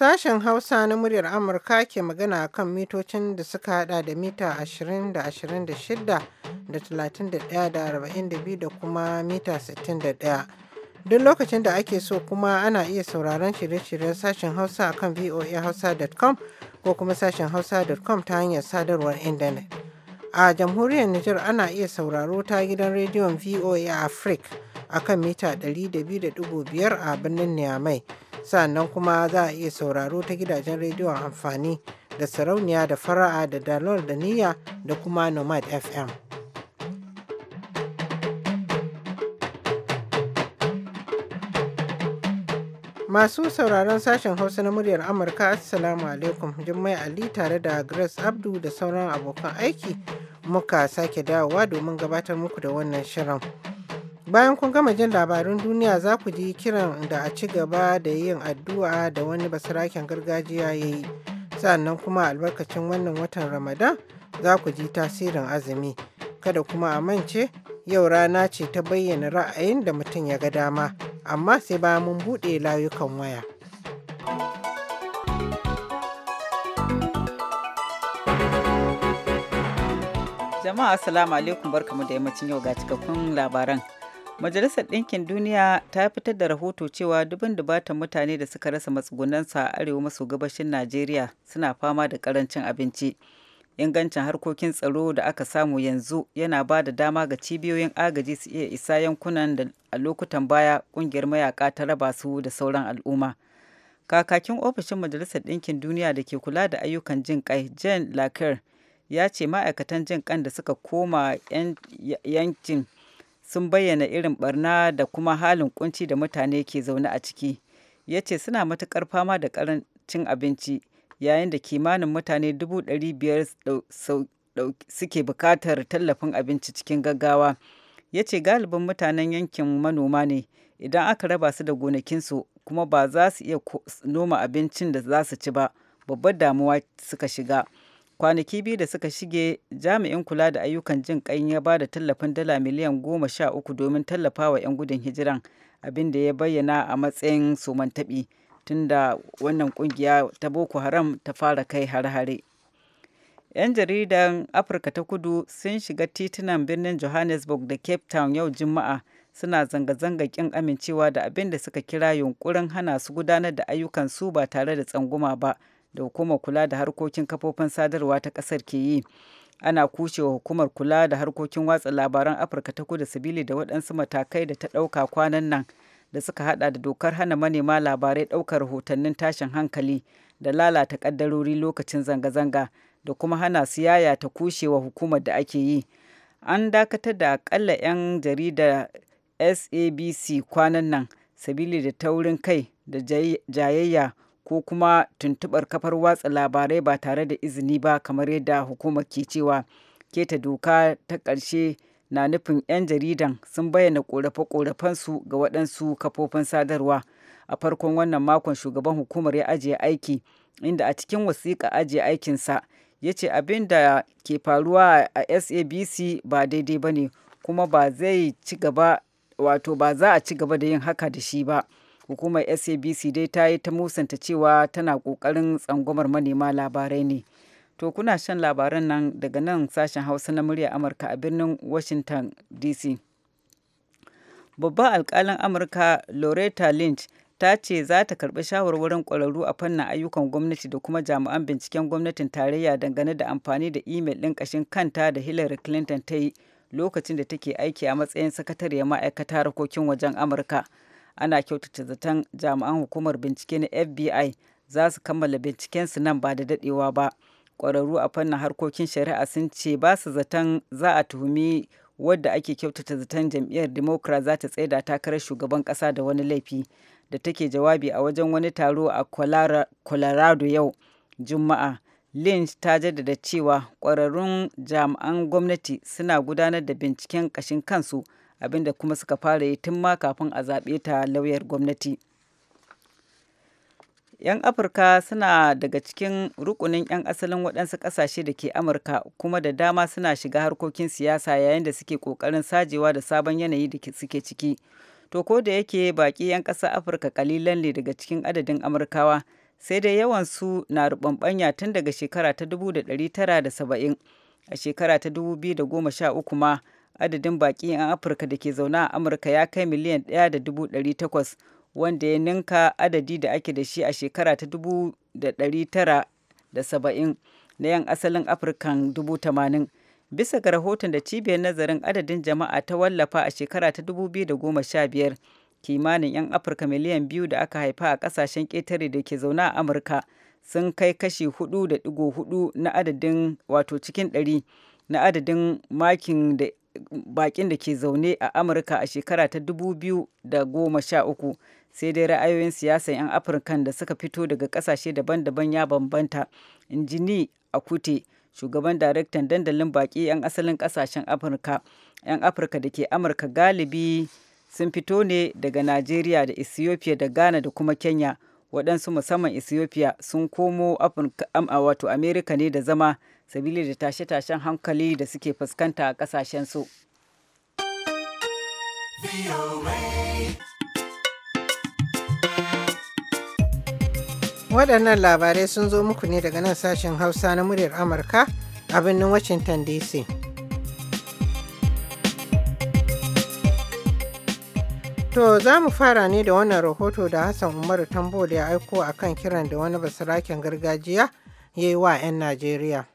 Sashen Hausa na muryar Amurka ke magana kan mitocin da suka hada da mita 20 da 26 da 31 da 42 da kuma mita 61. Duk lokacin da ake so kuma ana iya sauraron shirye-shiryen sashen Hausa a kan voahausa.com ko kuma sashen hausa.com ta hanyar sadarwar intanet. A jamhuriyar Nijar ana iya sauraro ta gidan rediyon VOA Africa. a kan mita 102.5 a birnin Niamey. Sannan kuma za a iya sauraro ta gidajen rediyon amfani da sarauniya da fara'a da dalol da niyya da kuma nomad FM. Masu sauraron sashen Hausa na muryar Amurka, Assalamu alaikum, Jummai Ali tare da Grace Abdu da sauran abokan aiki muka sake dawowa domin gabatar muku da wannan shirin. Bayan kun gama jin labarun duniya za ku ji kiran da a ci gaba da yin addu'a da wani basaraken gargajiya ya yi. Sannan kuma albarkacin wannan watan Ramadan za ku ji tasirin azumi. Kada kuma a mance yau rana ce ta bayyana ra'ayin da mutum ya ga dama, amma sai bayan mun buɗe layukan waya. Jama'a Assalamu alaikum barkamu da yammacin yau ga cikakkun labaran. Majalisar Ɗinkin Duniya ta fitar da rahoto cewa dubin dubatan mutane da suka rasa matsugunansa a arewa maso gabashin Najeriya suna fama da ƙarancin abinci. Ingancin harkokin tsaro da aka samu yanzu yana ba da dama ga cibiyoyin agaji su iya isa yankunan da a lokutan baya ƙungiyar mayaka ta raba su da sauran al'umma. Kakakin ofishin Majalisar Ɗinkin Duniya da ke kula da ayyukan jin ƙai, Jane Lacker, ya ce ma'aikatan jin ƙan da suka koma yankin sun bayyana irin barna da kuma halin kunci da mutane ke zaune a ciki ya ce suna matukar fama da karancin abinci yayin da kimanin mutane dubu biyar suke bukatar tallafin abinci cikin gaggawa ya ce galibin mutanen yankin manoma ne idan aka raba su da gonakinsu kuma ba za su iya noma abincin da za su ci ba babbar damuwa suka shiga kwanaki biyu da suka shige jami'in kula da ayyukan jin kai ya ba da tallafin dala miliyan goma sha uku domin tallafa wa 'yan gudun hijiran abin da ya bayyana a matsayin somantaɓi tunda wannan kungiya ta boko haram ta fara kai har hare 'yan jaridan afirka ta kudu sun shiga titunan birnin johannesburg da cape town yau juma'a suna zanga-zanga kin amincewa da abin da suka kira yunkurin hana su gudanar da ayyukan su ba tare da tsanguma ba da hukumar kula da harkokin kafofin sadarwa ta ƙasar ke yi ana kushewa hukumar kula da harkokin watsa labaran afirka ta kudu sabili da waɗansu matakai da ta ɗauka kwanan nan da suka hada da dokar hana manema labarai ɗaukar rahotannin tashin hankali da lalata ƙaddarori lokacin zanga-zanga da kuma hana su yaya ta kushewa hukumar da ake yi an dakatar da akalla 'yan jarida sabc kwanan nan sabili da taurin kai da jayayya ko kuma tuntubar kafar watsa labarai ba tare da izini ba kamar yadda hukumar ke cewa keta doka ta ƙarshe na nufin 'yan jaridan sun bayyana ƙorafe korafensu ga waɗansu kafofin sadarwa a farkon wannan makon shugaban hukumar ya ajiye aiki inda a cikin wasiƙa ajiye aikinsa ya ce abin da ke faruwa a sabc ba daidai ba ne kuma ba zai ci wato ba za a ci gaba da yin haka da shi ba hukumar sabc dai ta yi ta musanta cewa tana kokarin tsangwamar manema labarai ne to kuna shan labaran nan daga nan sashen hausa na murya amurka a birnin washington dc babban alkalin amurka loretta lynch ta ce za ta karbi shawarwarin kwararru a fannin ayyukan gwamnati da kuma jami'an binciken gwamnatin tarayya dangane da amfani da imel ɗin ƙashin kanta da hillary clinton ta yi lokacin da take aiki a matsayin sakatariyar ma'aikata harkokin wajen amurka ana kyautata zaton jami'an hukumar bincike na fbi za su kammala bincikensu nan ba da dadewa ba kwararru a fannin harkokin shari'a sun ce ba su zaton za a tuhumi wadda ake kyautata zaton jam'iyyar democrat za ta tsaida takarar shugaban kasa da wani laifi da take jawabi a wajen wani taro a colorado yau juma'a lynch ta jaddada cewa kwararrun jami'an gwamnati suna gudanar da binciken kashin kansu abinda kuma suka fara yi tun ma kafin a zaɓe ta lauyar gwamnati. 'yan afirka suna daga cikin rukunin 'yan asalin waɗansu ƙasashe da ke amurka kuma da dama suna shiga harkokin siyasa yayin da suke ƙoƙarin sajewa da sabon yanayi da suke ciki to ko da yake baƙi 'yan ƙasa afirka ƙalilan ne daga cikin adadin amurkawa sai dai yawansu na ruɓanɓanya tun daga shekara ta 1970 a shekara ta 2013 ma adadin baƙi 'yan afirka da ke zauna a amurka ya kai miliyan 1.800 wanda ya ninka adadi da ake da shi a shekara ta 1970 na 'yan asalin afirkan 80 bisa ga rahoton da cibiyar nazarin adadin jama'a ta wallafa a shekara ta 2015 kimanin 'yan afirka miliyan biyu da aka haifa a kasashen ƙetare da ke zaune a amurka sun kai kashi 4.4 na adadin wato cikin 100 na adadin makin da bakin da ke zaune a amurka a shekara ta 2013 sai dai ra'ayoyin siyasa 'yan afirkan da suka fito daga kasashe daban-daban ya bambanta injini akute shugaban daraktan dandalin baki 'yan asalin kasashen afirka 'yan afirka da ke amurka galibi sun fito ne daga najeriya da ethiopia da ghana da kuma kenya waɗansu musamman ethiopia sun komo wato amerika ne da zama sabili da tashe-tashen hankali da suke fuskanta a kasashen su. waɗannan labarai sun zo muku ne daga nan sashen hausa na muryar amurka a birnin washington dc To za mu fara ne da wannan rahoto da Hassan Umaru Tambo da ya aiko a kan kiran da wani basaraken gargajiya ya yi wa 'yan Najeriya.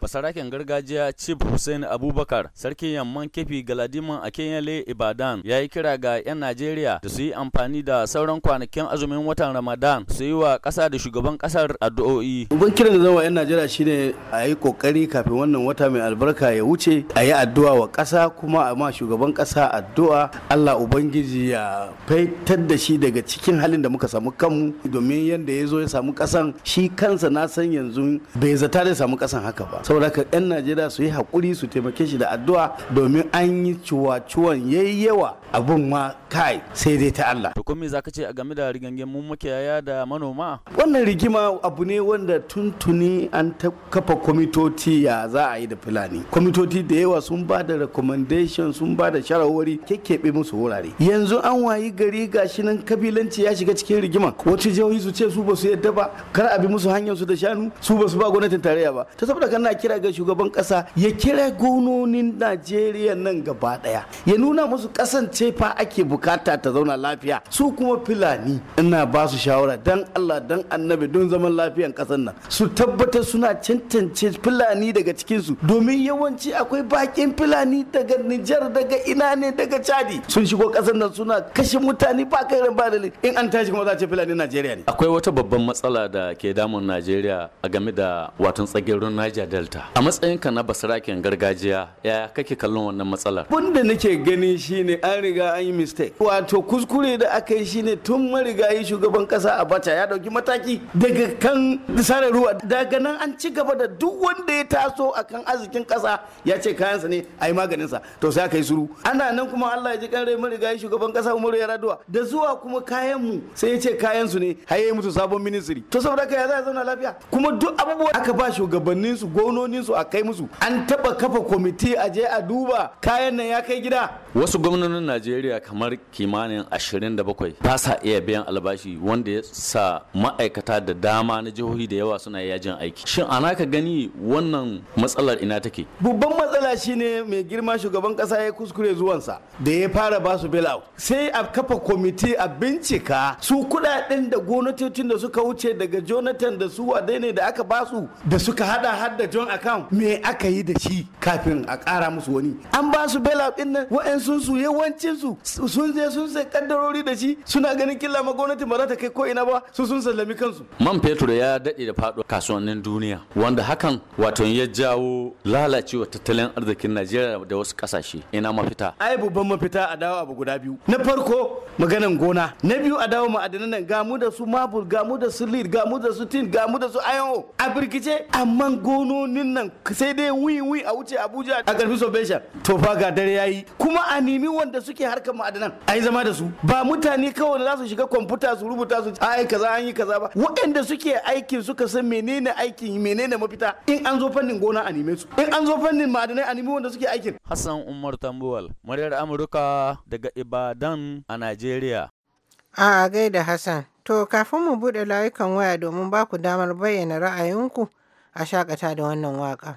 basaraken gargajiya chief hussein abubakar sarkin yamman kefi galadiman a kenyale ibadan ya yi kira ga 'yan najeriya da su yi amfani da sauran kwanakin azumin watan ramadan su yi wa kasa da shugaban kasar addu'o'i ban kiran da zama 'yan najeriya shine a yi kokari kafin wannan wata mai albarka ya wuce a yi addu'a wa ƙasa kuma a ma shugaban ƙasa addu'a allah ubangiji ya faitar da shi daga cikin halin da muka samu kanmu domin yadda ya zo ya samu ƙasan shi kansa na san yanzu bai zata da samu ƙasan haka ba saboda ka yan najeriya su yi hakuri su taimake shi da addu'a domin an yi ciwa-ciwon yayi yawa abun ma kai sai dai ta Allah to me zaka ce a game da rigangen mun makiyaya da manoma wannan rigima abu ne wanda tuntuni an ta kafa kwamitoci ya za a yi da fulani Kwamitoti da yawa sun ba da recommendation sun ba da sharawari kekebe musu wurare yanzu an wayi gari gashi nan kabilanci ya shiga cikin rigima Wacce jihohi su ce su ba su yadda ba kar a bi musu hanyar su da shanu su ba su ba gwamnatin tarayya ba ta saboda kana kira ga shugaban kasa ya kira gononin najeriya nan gaba daya ya nuna musu kasan fa ake bukata ta zauna lafiya su kuma filani ina ba su shawara dan allah dan annabi don zaman lafiyan kasan nan su tabbatar suna cancance filani daga cikinsu domin yawanci akwai bakin filani daga nijar daga ina ne daga chadi sun shigo kasan nan suna kashe mutane ba kai ba in an tashi kuma za ce filani najeriya ne akwai wata babban matsala da ke damun najeriya a game da watan tsagirin niger delta wakilta a matsayinka na basaraken gargajiya ya kake kallon wannan matsalar wanda nake gani shine an riga an yi mistake wato kuskure da aka yi shine tun yi shugaban kasa a bata ya dauki mataki daga kan sare ruwa daga nan an ci gaba da duk wanda ya taso akan arzikin kasa ya ce kayansa ne a yi maganin sa to sai aka yi suru ana nan kuma allah ya ji kan rai yi shugaban kasa umaru ya da zuwa kuma kayan mu sai ya ce kayansu ne haye mutu sabon ministry to saboda ka ya za zauna lafiya kuma duk abubuwan aka ba shugabannin su go gwamnoninsu a kai musu an taba kafa kwamiti a je a duba kayan nan ya kai gida wasu gwamnonin najeriya kamar kimanin 27 ba sa iya biyan albashi wanda ya sa ma'aikata da dama na jihohi da yawa suna yajin aiki shin ana ka gani wannan matsalar ina take babban matsala shine mai girma shugaban kasa ya kuskure zuwansa da ya fara ba su bailout sai a kafa kwamiti a bincika su kudaden da gwamnatocin da suka wuce daga jonathan da su wadai ne da aka basu da suka hada har da joint account me aka yi da shi kafin a kara musu wani an ba su bela din nan wa'ansu su yawancin su sun je sun sai kaddarori da shi suna ganin killa ma gwamnati ba za ta kai ko ina ba su sun sallami kansu man fetur ya dade da fado kasuwannin duniya wanda hakan wato ya jawo lalacewa tattalin arzikin Najeriya da wasu kasashe ina mafita ai babban mafita a dawo abu guda biyu na farko maganan gona na biyu a dawo ma'adanan nan gamu da su mabul gamu da su lead gamu da su tin gamu da su iron a birkice amma gono gwamnonin nan sai dai wuyi wuyi a wuce abuja a karfi sobesha to fa ga dare yayi kuma a nemi wanda suke harkar ma'adanan a yi zama da su ba mutane kawai da za su shiga kwamfuta su rubuta su ai kaza an yi kaza ba waɗanda suke aikin suka san menene aikin menene mafita in an zo fannin gona a neme su in an zo fannin ma'adanai a nemi wanda suke aikin hassan umar tambuwal muryar amurka daga ibadan a najeriya a gaida hassan to kafin mu buɗe layukan waya domin ba ku damar bayyana ra'ayinku a shaƙata da wannan waƙa.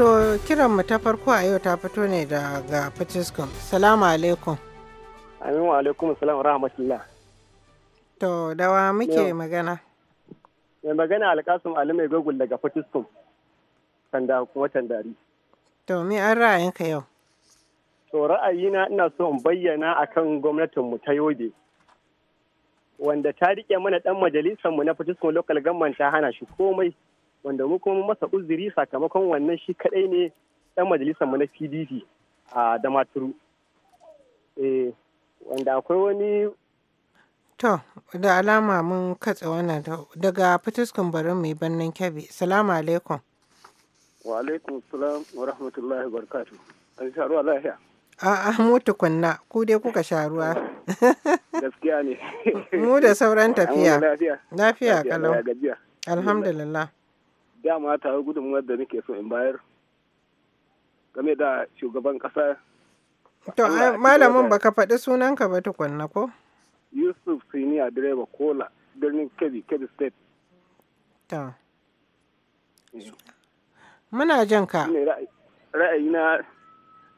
To kiranmu ta farko a yau ta fito ne daga Patiskum. Salamu alaikum. Amin wa alaikum salam wa rahmatullah. To dawa muke magana. Mai magana alkasum Ali mai gogul daga Patiskum. Tanda kuma tandari. To me an ra'ayinka yau? To ra'ayina ina so in bayyana akan gwamnatinmu ta Yobe. Wanda ta riƙe mana ɗan majalisarmu na Patiskum Local Government ta hana shi komai. wanda mu kuma masa uzuri sakamakon wannan shi kadai ne dan majalisar mu na PDP a Damaturu eh wanda akwai wani to da alama mun katse wannan daga fituskun barin mai bannan kyabe. salamu alaikum wa alaikum salam wa rahmatullahi wa barakatu. an sha ruwa lafiya A'a mu tukunna ku dai kuka sha ruwa. Gaskiya ne. Mu da sauran tafiya. Lafiya kalau. Alhamdulillah. dama ta yi gudunmuwar da nake so in bayar game da shugaban ƙasa. To, malamin ba ka faɗi sunanka ba tukunna ko? Yusuf Siniya Direba Kola, birnin Kebbi, Kebbi State. Ta. Eh. Muna jan ka. Ra'ayina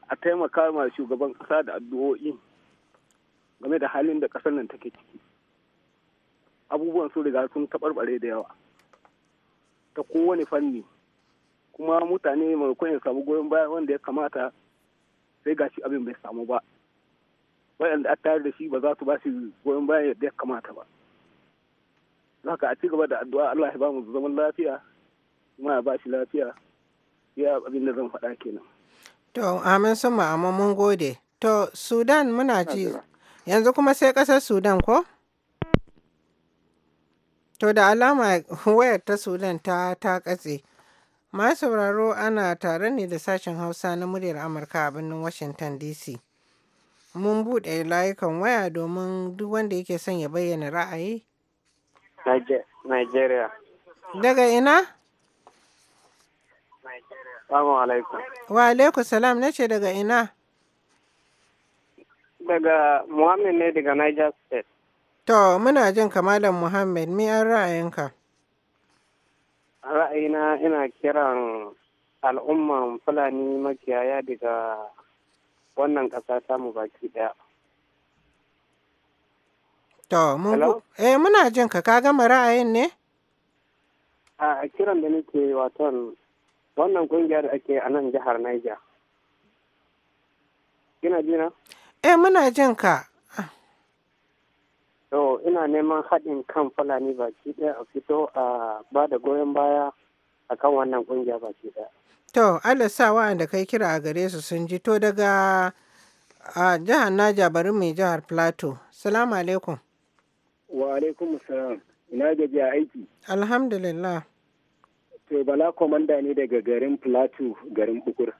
a taimaka ma shugaban ƙasa da addu'o'i game da halin da ƙasar nan take ciki. Abubuwan su riga sun taɓarɓare da yawa. ta kowane fanni kuma mutane maimakon ya samu goyon baya wanda ya kamata sai gashi abin bai samu ba waɗanda a tare da shi ba za su ba shi goyon baya yadda ya kamata ba ka a ci gaba da addu'a Allah ya ba mu zaman lafiya kuma ya ba shi lafiya ya abin da zan faɗa kenan to amin sun ma'amma mun gode to sudan muna ji yanzu kuma sai ƙasar sudan ko To da alama wayar ta Sudan ta ta katse. Ma sauraro ana tare ne da sashen Hausa na muryar Amurka a birnin Washington DC. Mun buɗe layukan waya domin duk wanda yake son ya bayyana ra'ayi. Nigeria. Daga ina? Salamu alaikum. Wa alaikum salam na ce daga ina? Daga Muhammad ne daga Niger State. To, muna jin kamalan Muhammad, me an ra'ayinka? Ra'ayina ina kiran al'umman Fulani makiyaya daga wannan ƙasa samu baki ɗaya. To, mun eh muna jin ka ka gama ra'ayin ne? A kiran da nake waton wannan ƙungiyar da ake a nan jihar Niger. Kina jina? Eh muna jin ka. To ina neman haɗin kan Fulani baki ɗaya a fito a ba da goyon baya a kan wannan ƙungiya baki ɗaya. To, Allah sa wa'anda kai kira a gare su sun ji to daga a jihar Naja bari mai jihar Plateau. Salamu alaikum. Wa alaikum salam. Ina gaji a aiki. Alhamdulillah. To, Bala Komanda ne daga garin Plateau garin Bukur.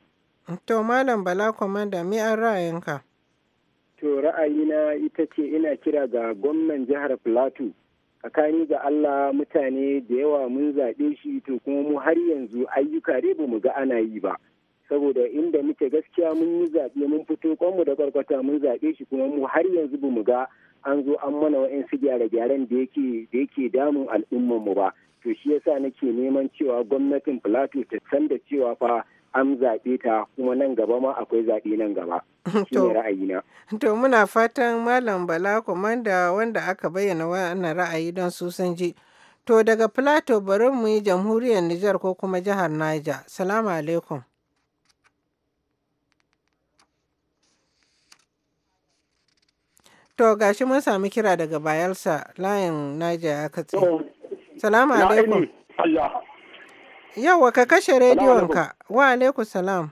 To, Malam Bala Komanda, me an ra'ayinka? To ra'ayina ita ce ina kira ga gwamnan jihar Plateau. Tsakani ga Allah mutane da yawa mun zaɓe shi to kuma mu har yanzu ayyuka dai ba mu ga ana yi ba. Saboda inda muke gaskiya mun yi zaɓe mun fito kwanmu da kwarkwata mun zaɓe shi kuma mu har yanzu ba mu ga an zo an mana wa'insu gyare-gyaren da yake da yake damun al'ummanmu ba. To shi yasa nake neman cewa gwamnatin Plateau ta san da cewa fa an zaɓe ta kuma nan gaba ma akwai zaɓe nan gaba. Shi ne ra'ayina. To muna fatan Malam Bala Komanda wanda aka bayyana wannan ra'ayi don su sun ji. To daga Plateau bari mu yi jamhuriyar Nijar ko kuma jihar Niger. Salamu alaikum. To gashi mun sami kira daga bayelsa layin Niger ya katse. Salamu alaikum. Allah. Yawa ka kashe rediyon ka Wa alaikum salam.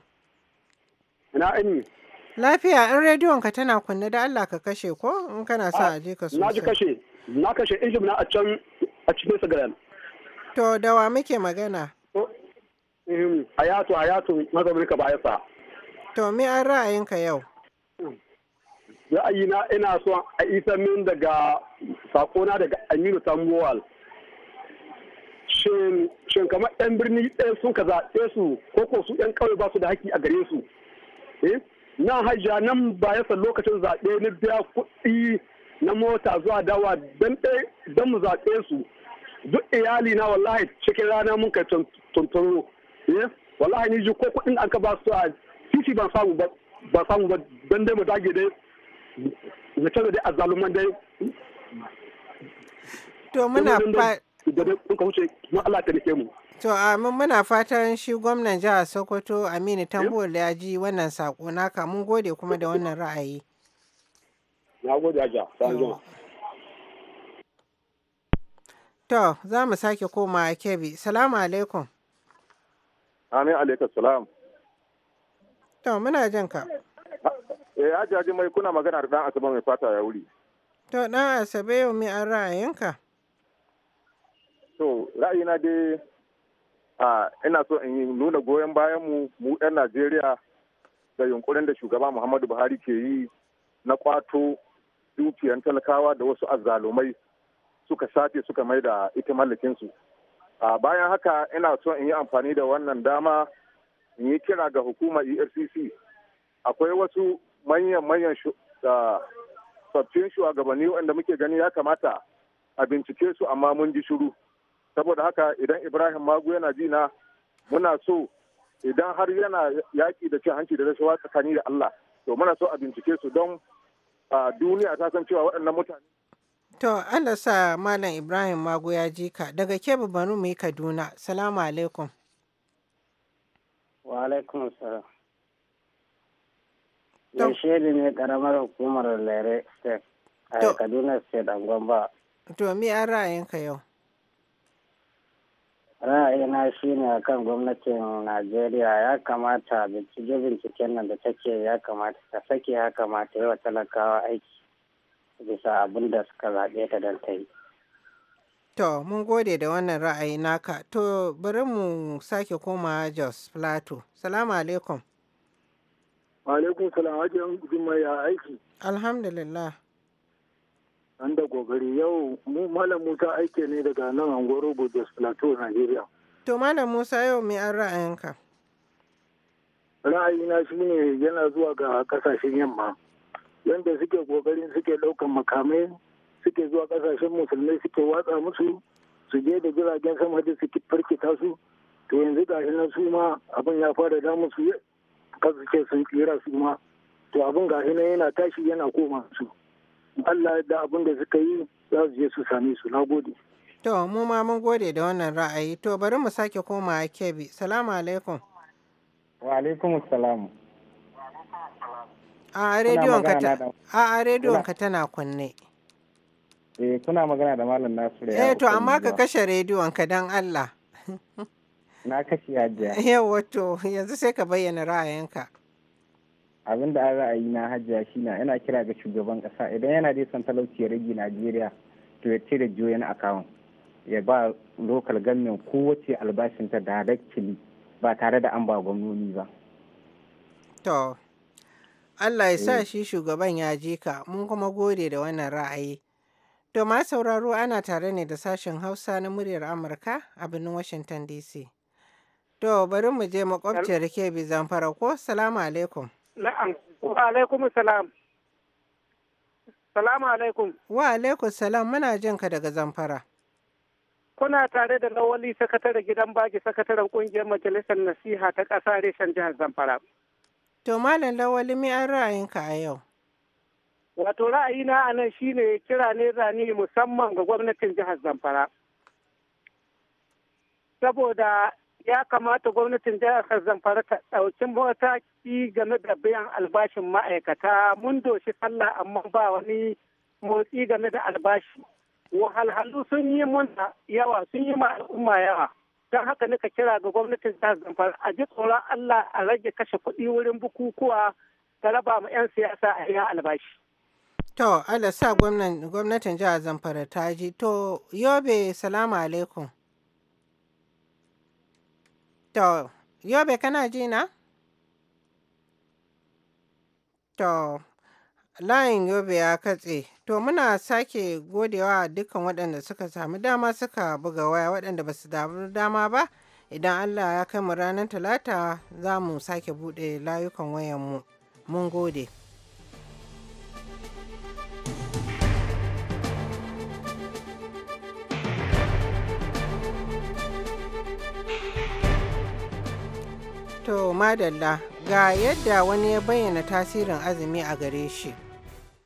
Ina ini. Lafiya in ka tana kunne da Allah ka kashe ko in kana sa ah, a je ka sosai. Na ji kashe. Na kashe injim na a can a cikin Instagram. To da wa muke magana? Oh, ehm, Ayatu Ayatu mazaunin ka sa To me an ra'ayin ka yau? Ra'ayina ina so a isa min daga sakona daga Aminu tambowal Shin shin kamar yan birni ɗaya sun ka zaɓe su ko ko su yan ƙauye ba su da haƙƙi a gare su eh, na hajja nan ba ya san lokacin zaɓe na biya kuɗi na mota zuwa dawa don don mu zaɓe su duk iyali na wallahi cikin rana mun kai tunturo eh, wallahi ni ji ko kuɗin an ka ba su a titi ban samu ba ba samu ba don dai mu dage dai mu dai a azaluman dai to muna da kun ka wuce kuma Allah ta rike mu. To a muna fatan shi gwamnan jihar Sokoto Aminu Tambuwal ya ji wannan sako naka mun gode kuma da wannan ra'ayi. Na gode aja, san zuwa. To za mu sake koma Kebbi. Salamu alaikum. Amin alaikum salam. To muna jin ka. Eh ajaji mai kuna magana da dan asaba mai fata ya wuri. To dan Asabe yau mai an ra'ayinka? To ra'ayina dai ina so in yi nuna goyon bayan mu mu 'yan Najeriya da yunkurin da shugaba Muhammadu Buhari ke yi na kwato dukiyan talakawa da wasu azzalumai suka shafe suka mai da ita mallakinsu. Bayan haka ina so in yi amfani da wannan dama in yi kira ga hukumar EFCC. Akwai wasu manyan-manyan sabbin shugabanni wanda muke gani ya kamata a bincike su amma mun ji shiru. saboda haka idan ibrahim magu yana jina muna so idan har yana yaƙi da cin hanci da rashawa tsakani da allah to muna so a bincike su don a duniya ta san cewa waɗannan mutane to allah sa malam ibrahim magu ya ji ka daga ke babbanu mai kaduna salamu alaikum wa alaikum salam yaushe ne karamar hukumar lere state a kaduna state angon ba to me an ra'ayinka yau ra'ayina shi ne a kan gwamnatin najeriya ya kamata bincike binciken nan da take ya kamata ta sake ya kamata yi wa talakawa aiki bisa abin da suka zaɓe ta don ta yi to mun gode da wannan ra'ayi naka to bari mu sake koma jos plato salamu alaikum alaikum salam a aiki alhamdulillah an da gobari yau mu malam musa aike ne daga nan angoro jos plateau nigeria to malam musa yau mai an ra'ayinka ra'ayina shi ne yana zuwa ga kasashen yamma yadda suke kokarin suke ɗaukan makamai suke zuwa kasashen musulmai suke watsa musu su je da jiragen sama da suke firkita su to yanzu ga shi nan su ma abin ya fara da musu kan ce sun tsira su ma to abin ga shi yana tashi yana koma su Allah da abin da suka yi za su je su same su na gode to mu ma mun gode da wannan ra'ayi to bari mu sake koma kebi salamu alaikum wa alaikum salamu a rediyon ka ta a rediyon ka tana kunne eh kuna magana da malam Nasiru eh to amma ka kashe rediyon ka dan Allah na kashe ajiya eh wato yanzu sai ka bayyana ra'ayinka abin da an ra'ayi na hajiya na yana kira ga shugaban kasa idan yana dai son talauci ya rage najeriya to ya cire joyan account ya ba local government kowace ta directly ba tare da an ba gwamnoni ba to Allah ya sa eh. shi shugaban ya ji ka mun kuma gode da wannan ra'ayi to ma sauraro ana tare ne da sashen hausa na muryar amurka a birnin washington dc to bari mu je makwabciyar kebi zamfara ko salamu alaikum Na'am. Wa alaikum salam. Salamu Wa alaikum salam muna jin ka daga Zamfara. Kuna tare da Lawali sakataren gidan baki sakataren kungiyar majalisar nasiha ta ƙasa reshen jihar Zamfara. To Malam Lawali mi an ra'ayinka a yau? Wato ra'ayina a nan shine kira ne zani musamman ga gwamnatin jihar Zamfara. Saboda ya kamata gwamnatin jihar zamfara ta ɗauki mataki game da biyan albashin ma'aikata mun doshi sallah amma ba wani motsi game da albashi wahalhalu sun yi muna yawa sun yi ma al'umma yawa don haka nika kira ga gwamnatin jihar zamfara a ji tsoron allah a rage kashe kuɗi wurin bukukuwa ta raba ma 'yan siyasa a yi albashi to allah sa gwamnatin jihar zamfara ta ji to yobe salamu alaikum To, Yobe kana ji na? To, layin Yobe ya katse. To, muna sake godewa dukkan waɗanda suka samu dama suka buga waya waɗanda ba su damu dama ba. Idan Allah ya kai mu ranar Talata za mu sake buɗe layukan wayanmu. Mun gode. To madalla ga yadda wani ya bayyana tasirin azumi a gare shi.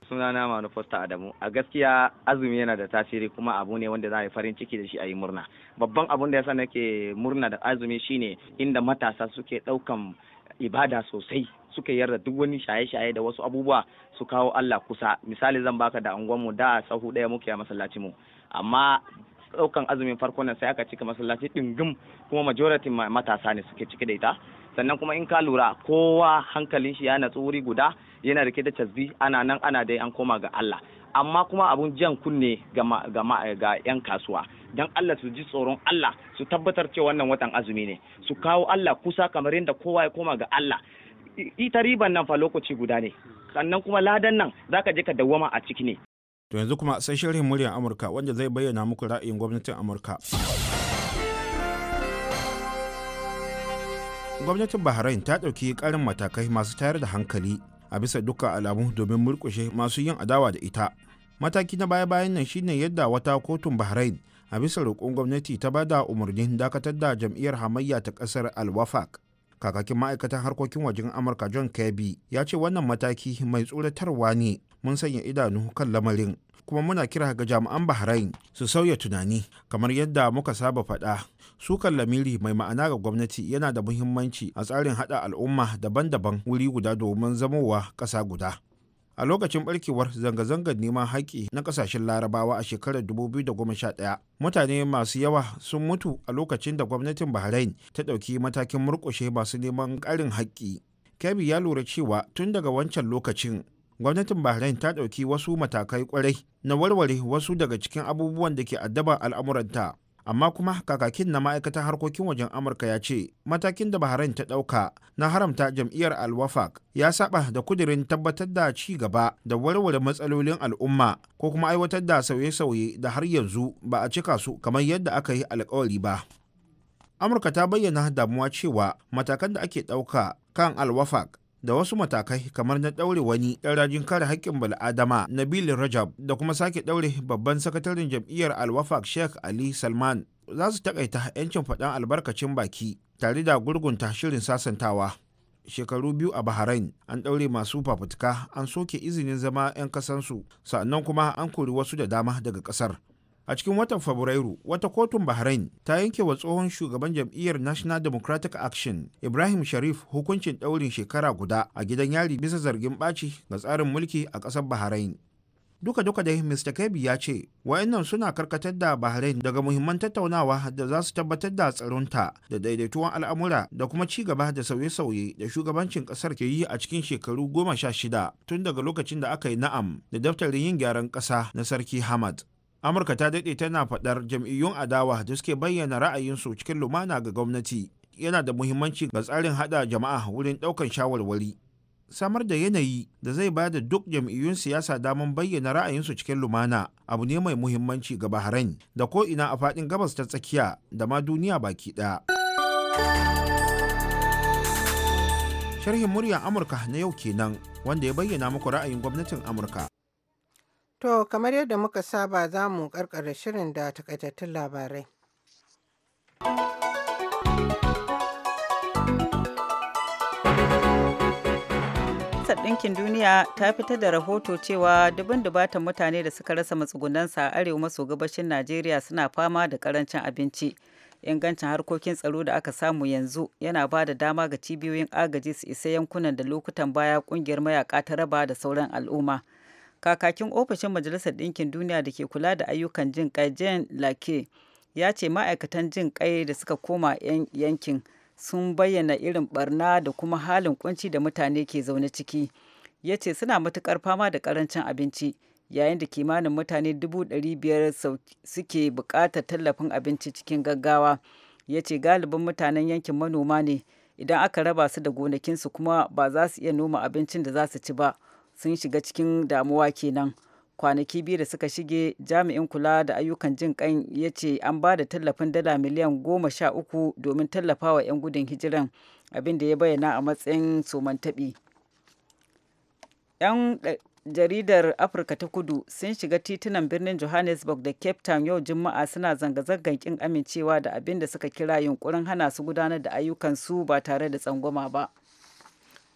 sunana manufosta adamu a gaskiya azumi yana da tasiri kuma abu ne wanda za a yi farin ciki da shi a yi murna babban abun da ya yasa ke murna da azumi shine inda matasa suke daukan ibada sosai suke yarda duk wani shaye-shaye da wasu abubuwa su kawo Allah kusa misali zan baka da unguwanmu da sahu daya muke a masallaci mu amma ɗaukan azumin farko nan sai aka cika masallaci ɗingim kuma majority matasa ne suke cike da ita sannan kuma in ka lura kowa hankalin shi ya natsu wuri guda yana rike da tasbi ana nan ana dai an koma ga Allah amma kuma abun jan kunne ga 'yan kasuwa don Allah su ji tsoron Allah su tabbatar cewa wannan watan azumi ne su kawo Allah kusa kamar yadda kowa ya koma ga Allah ita riban nan fa lokaci guda ne sannan kuma ladan nan zaka je ka dawwama a ciki ne to yanzu kuma sai shirin muryar Amurka wanda zai bayyana muku ra'ayin gwamnatin Amurka gwamnatin bahrain ta ɗauki ƙarin matakai masu tayar da hankali a bisa dukkan alamu domin murƙushe masu yin adawa da ita mataki na baya-bayan nan shine yadda wata kotun bahrain a bisa roƙon gwamnati ta ba da umarnin dakatar da jam'iyyar hamayya ta ƙasar alwafak kakakin ma'aikatan harkokin wajen amurka john kirby ya ce wannan mataki mai tsoratarwa ne mun sanya idanu kan lamarin kuma muna kira ga jami'an bahrain su sauya tunani kamar yadda muka saba faɗa sukan lamiri mai ma'ana ga gwamnati yana da muhimmanci a tsarin haɗa al'umma daban-daban wuri guda domin zamowa ƙasa guda a lokacin barkewar zanga-zangar neman haƙƙi na ƙasashen larabawa a shekarar 2011 mutane masu yawa sun mutu a lokacin da gwamnatin bahrain ta ɗauki matakin murƙushe masu neman ƙarin haƙƙi kebi ya lura cewa tun daga wancan lokacin gwamnatin bahrain ta ɗauki wasu matakai kwarai na warware wasu daga cikin abubuwan da ke addaba al'amuranta amma kuma kakakin na ma'aikatan harkokin wajen amurka ya ce matakin da bahrain ta ɗauka na haramta jam'iyyar alwafak ya saba da kudirin tabbatar da ci gaba da warware matsalolin al'umma ko kuma aiwatar da sauye-sauye da har yanzu ba a cika su kamar yadda aka yi alkawari ba amurka ta bayyana damuwa cewa matakan da ake ɗauka kan alwafak da wasu matakai kamar na ɗaure wani ɗan rajin kare haƙƙin bal'adama nabil rajab da kuma sake ɗaure babban sakataren jam'iyyar alwafak sheikh ali salman za su taƙaita 'yancin faɗan albarkacin baki tare da gurgunta shirin sasantawa shekaru biyu a bahrain an ɗaure masu fafutuka an soke izinin zama 'yan kasansu sannan kuma an kori wasu da dama daga ƙasar a cikin watan fabrairu wata kotun bahrain ta yanke wa tsohon shugaban jam'iyyar national democratic action ibrahim sharif hukuncin ɗaurin shekara guda a gidan yari bisa zargin ɓaci ga tsarin mulki a ƙasar bahrain duka duka dai mr kebi ya ce wayannan suna karkatar da bahrain daga muhimman tattaunawa da za su tabbatar da tsaronta da daidaituwan al'amura da kuma ci gaba da sauye-sauye da shugabancin kasar ke yi a cikin shekaru goma sha shida tun daga lokacin da aka yi na'am da daftarin yin gyaran ƙasa na sarki hamad amurka ta daɗe tana faɗar jam'iyyun adawa da suke bayyana ra'ayinsu cikin lumana ga gwamnati yana da muhimmanci ga tsarin haɗa jama'a wurin ɗaukan shawarwari samar da yanayi da zai ba da duk jam'iyyun siyasa damar bayyana ra'ayinsu cikin lumana abu ne mai muhimmanci ga bahrain da ko ina a faɗin gabas ta tsakiya da ma duniya baki ɗaya sharhin muryar amurka na yau kenan wanda ya bayyana muku ra'ayin gwamnatin amurka To, kamar yadda muka saba za mu karkara shirin da takaitattun labarai. ɗinkin duniya ta fitar da rahoto cewa dubin dubatan mutane da suka rasa matsugunansa a arewa maso gabashin najeriya suna fama da karancin abinci ingancin harkokin tsaro da aka samu yanzu yana ba da dama ga cibiyoyin agaji su isa yankunan da lokutan baya kungiyar mayaka ta raba da sauran al'umma kakakin ofishin majalisar ɗinkin duniya da ke kula da ayyukan jin kai jen lake ya ce ma'aikatan jin kai da suka koma yankin sun bayyana irin barna da kuma halin kunci da mutane ke zaune ciki ya ce suna matukar fama da karancin abinci yayin da kimanin mutane 500,000 suke buƙatar tallafin abinci cikin gaggawa ya ce galibin mutanen yankin manoma ne idan aka raba su da gonakinsu kuma ba za su iya noma abincin da za su ci ba sun shiga cikin damuwa kenan kwanaki biyu da suka shige jami'in kula da ayyukan jin kan ya ce an ba da tallafin dala miliyan goma sha uku domin tallafa wa 'yan gudun hijiran abinda ya bayyana a matsayin somantaɓi 'yan eh, jaridar afirka ta kudu sun shiga titunan birnin johannesburg da cape town yau juma'a suna zanga-zangar kin amincewa da abin da suka kira yunkurin hana su gudanar da ayyukansu ba tare da tsangwama ba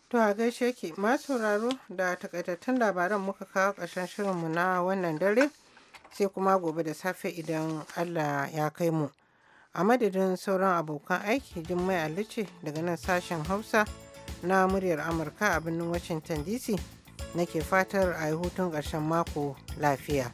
To a gaishe ki ma sauraro da takaitattun labaran muka kawo ƙarshen shirinmu na wannan dare sai kuma gobe da safe idan Allah ya kai mu. A madadin sauran abokan aiki Jummai Alice daga nan sashen Hausa na muryar Amurka a birnin Washington DC nake fatar a yi hutun ƙarshen mako lafiya.